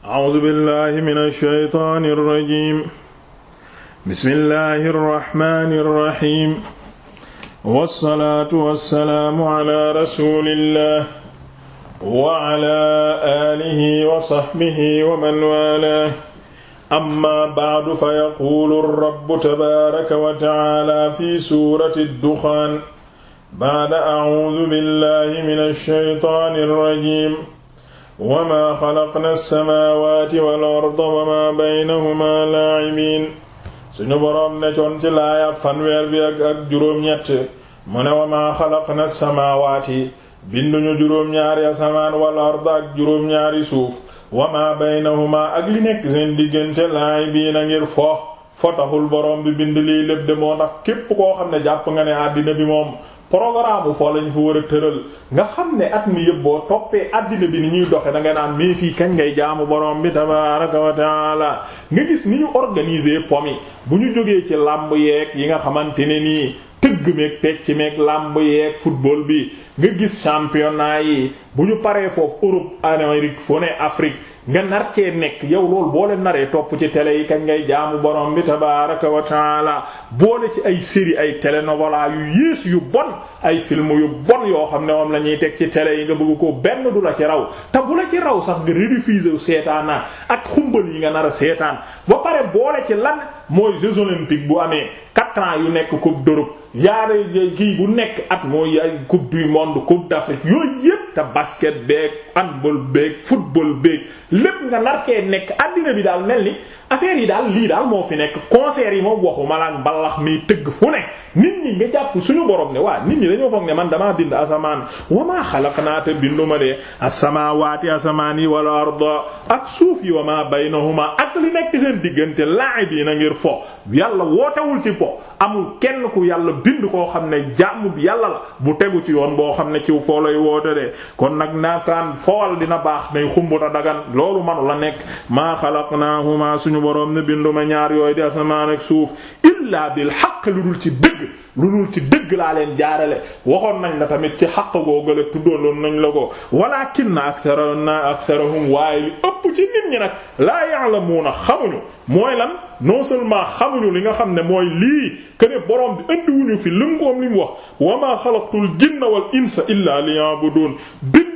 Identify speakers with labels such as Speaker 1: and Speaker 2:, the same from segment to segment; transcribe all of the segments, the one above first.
Speaker 1: A'uuzu billaahi mina shaytaani rajiim. Bismillaahi rahmaani rahiim. Wassalaatu wassalaamu alaa rasuulillaah wa alaa aalihi wa sahbihi wa man waalaah. Ammaa ba'du fayaquulu rabbu tabaaraka wa ta'aalaa fi suurati ad-Duxaan. Ba'da a'uuzu billaahi mina shaytaani rajiim. wa maa xalaqna alsamaawaati wal arda wa maa baynahuma laa'ibiin suñu boroom nekkoon ci laaya fanweer bi ak ak juróom-ñett mu ne wa maa xalaqna alsamaawaati binduñu juróom-ñaari asamaan wal arda ak juróom-ñaari suuf wa maa baynahuma ak li nekk seen diggante laa'ibiin a ngir fo fo taxul boroom bi bind lii lépp de moo tax képp koo xam ne jàpp nga ne àddina bi moom programme foo lañu fa war a tëral nga xam ne at mi yëpp boo toppee àddina bi ni ñuy doxe da nga naan mii fii kañ ngay jaamu borom bi tabaraka wa taala nga gis ni ñu organiser pom yi bu ñu jógee ci làmb yeeg yi nga xamante ne nii tëgg meeg pecc meeg làmb yeeg football bi nga gis championnat yi bu ñu paree foofu Europe Amérique fu ne Afrique nga nar cee nekk yow loolu boo leen naree topp ci télé yi kañ ngay jaamu borom bi tabaaraka wa taala boole ci ay série ay télénovela yu yées yu bon ay film yu bon yoo xam ne moom la ñuy teg ci tele yi nga bëgg ko benn du la ci raw te bu la ci raw sax nga rediffuser seetaanaa ak xumbal yi nga nar a seetaan ba pare boole ci lan mooy Jeux olympiques bu amee quatre yu nekk coupe d'Europe du monde coupe d'Afrique yooyu yépp te basket beeg handball beeg football beeg lépp nga narkee nekk addina bi daal mel ni affaire yi daal lii daal moo fi nekk concert yi moo waxu malaan ballax mi tëgg fu ne nit ñi nga jàpp suñu borom ne waa nit ñi dañoo foog ne man damaa bind asamaan wa maa xalaqnaa te binduma de as-samaawaati asamaan yi wal arda ak suuf yi wa maa baynahuma ak li nekk seen diggante laa'ibiina ngir fo yàlla wootewul ci po amul kenn ku yàlla bind koo xam ne jàmm yàlla la bu tegu ci yoon boo xam ne ci foo lay woote de kon nag naakaan fowal dina baax nay xumbuta dagan loolu manu la nekk suñu boroom ne binduma ñaar yooyu di asamaan ak suuf illaa bil xaq lu dul ci dëgg lu dul ci dëgg laa leen jaarale waxoon nañ la tamit ci xaq googu la tuddoon nañ la ko walaakinna aktharuna aktharuhum waaye li ëpp ci nit ñi nag laa ya'lamuuna xamuñu mooy lan non seulement xamuñu li nga xam ne mooy lii que ne borom bi indiwuñu fi lëngoom li wax wa maa xalaqtul jinna wal insa illaa liya'buduun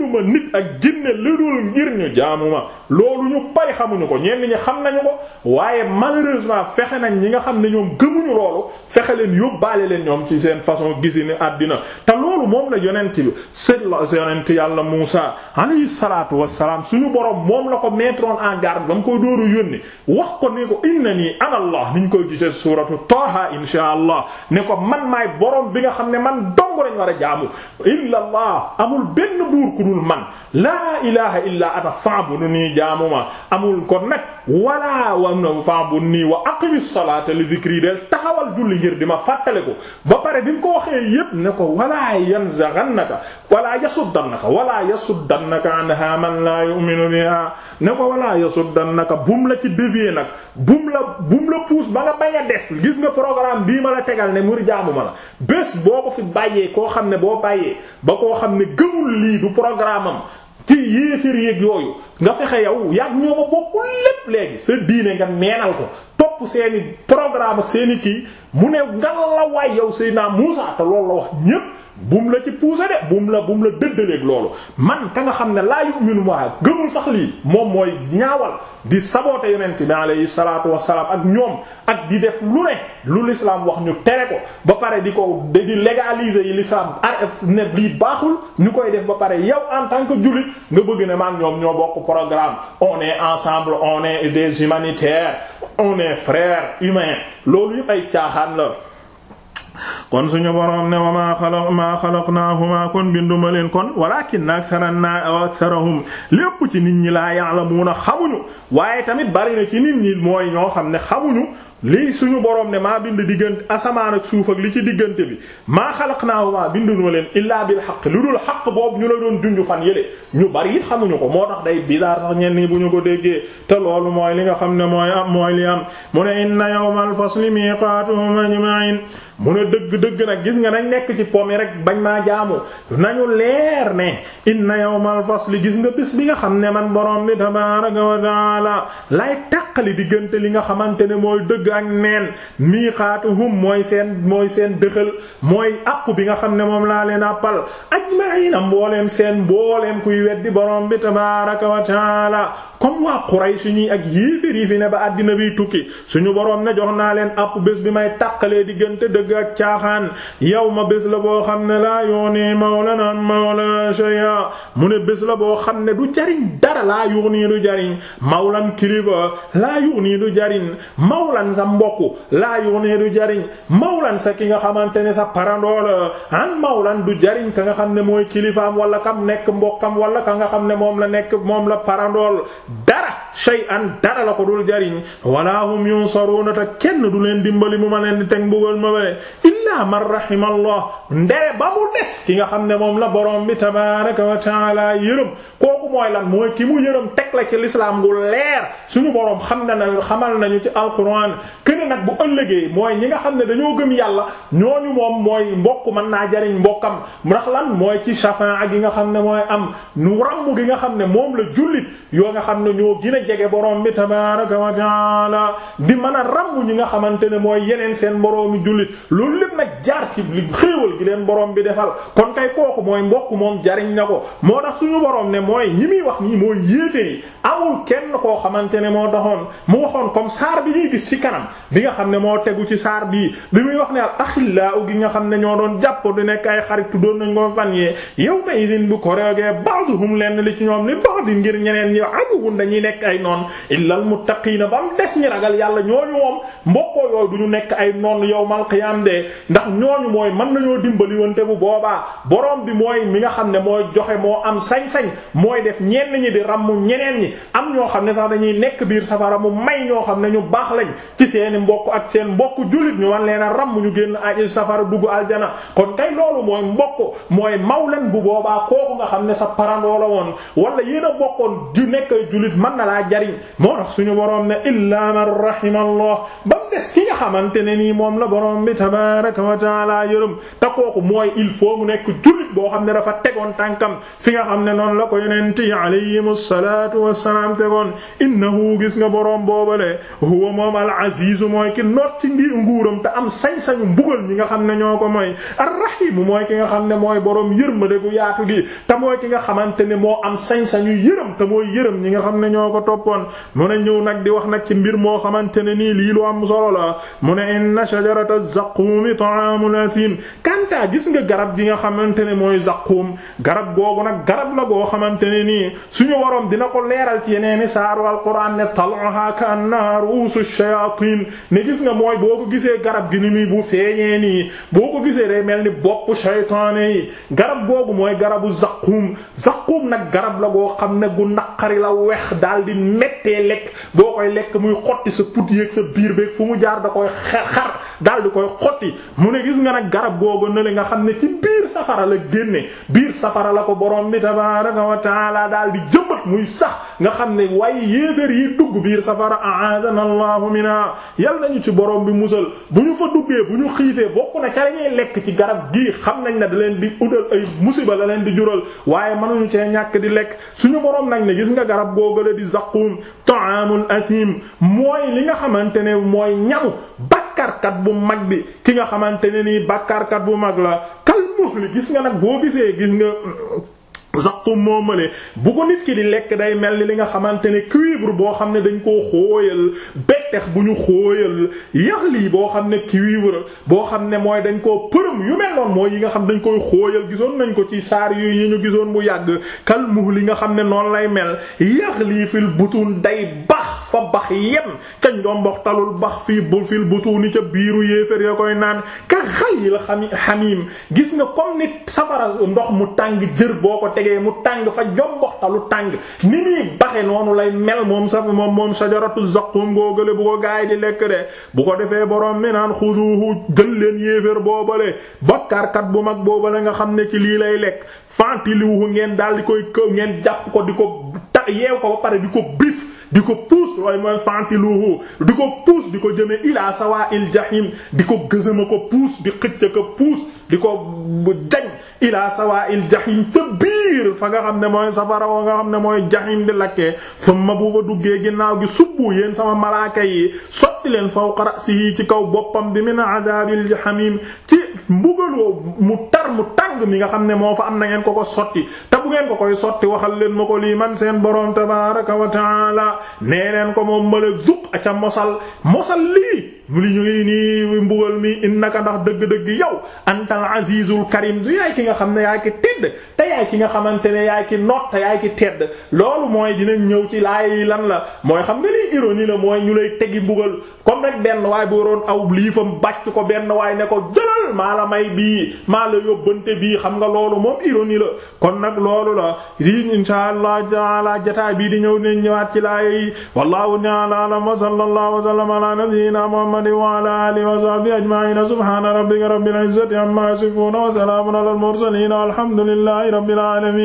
Speaker 1: binduma nit ak jinne lu dul ngir ñu jaamu ma loolu ñu bari xamuñu ko ñenn ñi xam nañu ko waaye malheureusement fexe nañ ñi nga xam ne ñoom gëmuñu loolu fexe leen yóbbaale leen ñoom ci seen façon gisini àddina te loolu moom la yonent bi sët la yonent yàlla Muusa alayhi salaatu wassalaam suñu borom moom la ko mettre en garde ba mu koy dóoru wax ko ne ko innanii ana Allah niñ koy gisee suuratu Taaha inshaa Allah ne ko man maay borom bi nga xam ne man dong lañ war a jaamu illa amul benn buur dul man laa ilaha illaa ana fa'buduni jaamuma amul kon nag wala wana fa'budni wa aqimis salata li dhikri del taxawal julli ngir di ma fàttale ko ba pare bi nga ko waxee yépp ne ko wala yanzaghannaka wala yasuddannaka wala yasuddannaka anha man la yu'minu biha ne ko wala yasuddannaka bum la ci dévier nag bum la bum la pousse ba nga bañ a def gis nga programme bii ma la tegal ne mur jaamu ma la bés boo ko fi bàyyee koo xam ne boo bàyyee ba koo xam ne gëmul lii du programme am ci yéefir yéeg yooyu nga fexe yow yàgg ñoo ma bokkul lépp léegi sa diine nga neenal ko topp seeni programme ak seeni kii mu ne ngal la waay yow Seydina Muusa te loolu la wax ñépp bum la ci pousser de bum la bum la dëddaleeg loolu man ka nga xam ne laa yu'minu waa gëmul sax lii moom mooy ñaawal di saboote yonent bi alayhi salaatu wassalaam ak ñoom ak di def lu ne lu lislaam wax ñu tere ko ba pare di ko di légaliser yi l'islam arf ne lii baaxul ñu koy def ba pare yow en tant que jullit nga bëgg ne maam ñoom ñoo bokk programme on est ensemble on est des humanitaires on est frères humains loolu yëpp ay caaxaan la kon suñu boroom ne wa maa xalaq maa xalaqnaahuma kon binduma leen kon walaakinna aktharanna aktharahum lépp ci nit ñi laa ya'lamuuna xamuñu waaye tamit bari na ci nit ñi mooy ñoo xam ne xamuñu lii suñu borom ne maa bind diggante asamaan ak suuf ak li ci diggante bi maa xalaq naa maa binduma leen illaa bil xaq lu dul xaq boobu ñu la doon junj fan yële ñu bari it xamuñu ko moo tax day bizarre sax ñenn ñi bu ñu ko déggee te loolu mooy li nga xam ne mooy am mooy li am mu ne inna yawmal fasli miqaatuhum ajma'in mu ne dëgg-dëgg nag gis nga nañ nekk ci pomi rek bañ maa jaamu nañu leer ne inna yawmal fasli gis nga bis bi nga xam ne man borom bi tabaaraka wa ta'aala lay li nga xamante ne mooy dëgg dëgg ak neen miiqaatuhum mooy seen mooy seen dëxal mooy àpp bi nga xam ne moom laa leen àppal ajmaina mbooleem seen mbooleem kuy weddi borom bi tabaaraka wa comme waa Quraysh ñi ak yéefér yi ne ba àddina biy tukki suñu boroom ne jox naa leen àpp bés bi may tàqalee diggante dëgg ak caaxaan yow ma bés la boo xam ne laa yooni mawlana mawla shay'a mu ne bés la boo xam ne du jariñ dara laa yooni jariñ mawlan kilifa laa yooni du jariñ mawlan sa mbokk laa yooni du jariñ mawlan sa ki nga xamante ne sa parandoo la mawlan du jariñ ka nga xam ne mooy kilifaam wala kam nekk mbokkam wala ka nga xam ne moom la nekk moom la parandool dara shay'an dara la ko dul jariñ wala hum yunsaruna te kenn du leen dimbali mu ma leen di teg mbugal ma wele illaa man rahimallah ndere ba mu des ki nga xam ne moom la borom bi tabaraka wa taala yërëm kooku mooy lan mooy ki mu yërëm teg la ci lislaam gu leer suñu borom xam ne na xamal nañu ci alquran kene nag bu ëllëgee mooy ñi nga xam ne dañoo gëm yàlla ñooñu moom mooy mbokk mën naa jariñ mbokkam ndax lan mooy ci shafaa gi xam ne mooy am nu ramm gi nga xam ne xam ne ñoo gën a jege borom bi tabaaraka wa taala di mën a ràmm ñi nga xamante ne mooy yeneen seen moroomi jullit loolu lépp nag jaar ci li xéewal gi leen boroom bi defal kon kay kooku mooy mbokk moom jariñ na ko moo tax suñu borom ne mooy ñi muy wax nii mooy yéeféri amul kenn koo xamante ne moo doxoon mu waxoon comme saar bi ñuy gis ci kanam bi nga xam ne moo tegu ci saar bii bi muy wax ne al axillaa gi nga xam ne ñoo doon jàpp du nekk ay xarit nañ ko fan yee yattaquun dañuy nekk ay noon illal muttaqiina ba mu des ñi ragal yàlla ñooñu moom mbokkoo yooyu du ñu nekk ay noon yawmal qiyaam de ndax ñooñu mooy mën nañoo dimbali wante bu boobaa boroom bi mooy mi nga xam ne mooy joxe moo am sañ-sañ mooy def ñenn ñi di ràmmu ñeneen ñi am ñoo xam ne sax dañuy nekk biir safara mu may ñoo xam ne ñu baax lañ ci seeni mbokk ak seen mbokk jullit ñu wan leen a ràmm ñu génn safara dugg aljana kon kay loolu mooy mbokk mooy mawlan bu boobaa kooku nga xam ne sa parandoo la woon wala yéen a bokkoon du nekk ay jullit mën na laa jariñ moo tax suñu boroom ne illaa man rahimallah ba mu des ki nga xamante ne nii moom la boroom bi tabaraka wa taala yërëm te kooku mooy il faut mu nekk jullit boo xam ne dafa tegoon tànkam fi nga xam ne noonu la ko yonent yi alayhimu salaatu wassalaam tegoon innahu gis nga boroom boobale huwa moom al aziz mooy ki noot ci ndi nguuram te am sañ-sañu mbugal ñi nga xam ne ñoo ko mooy ar te mooy ki nga xamante ne moo am sañ-sañu yërëm te mooy yërëm ñi nga xam ne ñoo ko toppoon mu ne nag di wax nag ci mbir moo xamante ne nii lii lu am solo la mu ne inna shajarata zaqqum ta'amul athim kantaa gis nga garab gi nga xamante ne mooy zaqqum garab googu nag garab la goo xamante ne nii suñu waroom dina ko leeral ci yeneeni saaru alquran ne tal'uha ka'annaha ru'usu shayatin ne gis nga mooy boo ko gisee garab gi ni muy bu feeñee nii boo ko gisee day mel ni bopp shaytaane yi garab googu mooy garabu zaqum zaqum nag garab la goo xam ne gu naqari la weex daal di mettee lekk boo koy lekk muy xotti sa put yeeg sa biir beeg fu mu jaar da koy xar xar daal di koy xotti mu ne gis nga nag garab googu ne li nga xam ne ci biir safara la génne biir safara la ko borom bi tabaaraka wa taala daal di jëm muy sax nga xam ne waaye yéeféer yi dugg biir safara aadana allahu mina yal nañu ci borom bi musal bu ñu fa duggee bu ñu xiifee bokk na ca lañuy lekk ci garab gii xam nañ ne da leen di udal ay musiba la leen di jural waaye mënuñu cee ñàkk di lekk suñu boroom nañ ne gis nga garab googale di zaqum ta'amul asim mooy li nga xamante ne mooy ñamu bakkarkat bu mag bi ki nga xamante ne nii bakkarkat bu mag la kal gis nga nag boo gisee gis nga zaqum moomale bu ko nit ki di lekk day mel ni li nga xamante ne cuivre boo xam ne dañ koo xooyal bettex bu ñu xooyal yax lii boo xam ne cuivre boo xam ne mooy dañ koo përëm yu mel noonu mooy yi nga xam dañ koy xooyal gisoon nañ ko ci saar yu yi ñu gisoon bu yàgg kal muh li nga xam ne noonu lay mel yax lii fil butun day bax fa bax yem ca njomboxtalul bax fi bu fil butuuni ca biiru yéefér ya koy naan ka xal yi la xam xamiim gis nga comme ni safara ndox mu tàng jër boo ko tegee mu tàng fa njomboxtalu tàng ni muy baxe noonu lay mel moom sa moom moom sajaratu zaqum ngoo gële bu ko gaay di lekk de bu ko defee borom mi naan xuduhu jël leen yéefér boobale karkat bu mag boobale nga xam ne ci lii lay lekk fantiliwu ngeen daal di koy ngeen jàpp ko di ko yeew ko ba pare di ko bif way mooy fantiluhu di ko puus di ko jëmee ilaa sawaa'il jahim di ko gësëma ko puus bi xëcc ko puus di ko jañ ilaa sawaa'il jahim te biir fa nga xam ne mooy safara wa nga xam ne mooy jahim di lakkee summa bu fa duggee ginnaaw gi subbu yéen sama malaaka yi leen fawqa ra'sihi ci kaw boppam bi min adaabil jahim ci mbugaloo mu tar mu tàng mi nga xam ne moo fa am na ngeen ko ko sotti ta bu ngeen ko koy sotti waxal leen ma ko lii man seen boroom tabaaraka wa taala nee leen ko moom mala zuq a ca mosal mosal lii mu li ñu ngi nii mbugal mi innaka ndax dëgg-dëgg yow antal azizul karim du yaay ki nga xam ne yaay ki tedd te yaay ki nga xamante ne yaay ki not te yaay ki tedd loolu mooy dinañ ñëw ci laay lan la mooy xam nga liy comme rek benn waay bu yoroon aw liifam bàcc ko benn waay ne ko jëlal maa la may bii maa la yóbbante bii xam nga loolu moom ironie la kon nag loolu la lii insha allah taala jataay bii di ñëw ne ñëwaat ci laaya yi wallahu ta'ala a'lam wa sallallahu wa sallama ala nabiyyina muhammadin wa ala alihi wa sahbihi ajma'ina subhana rabbika rabbil izzati amma yasifun wa salamun ala al mursalin walhamdulillahi rabbil alamin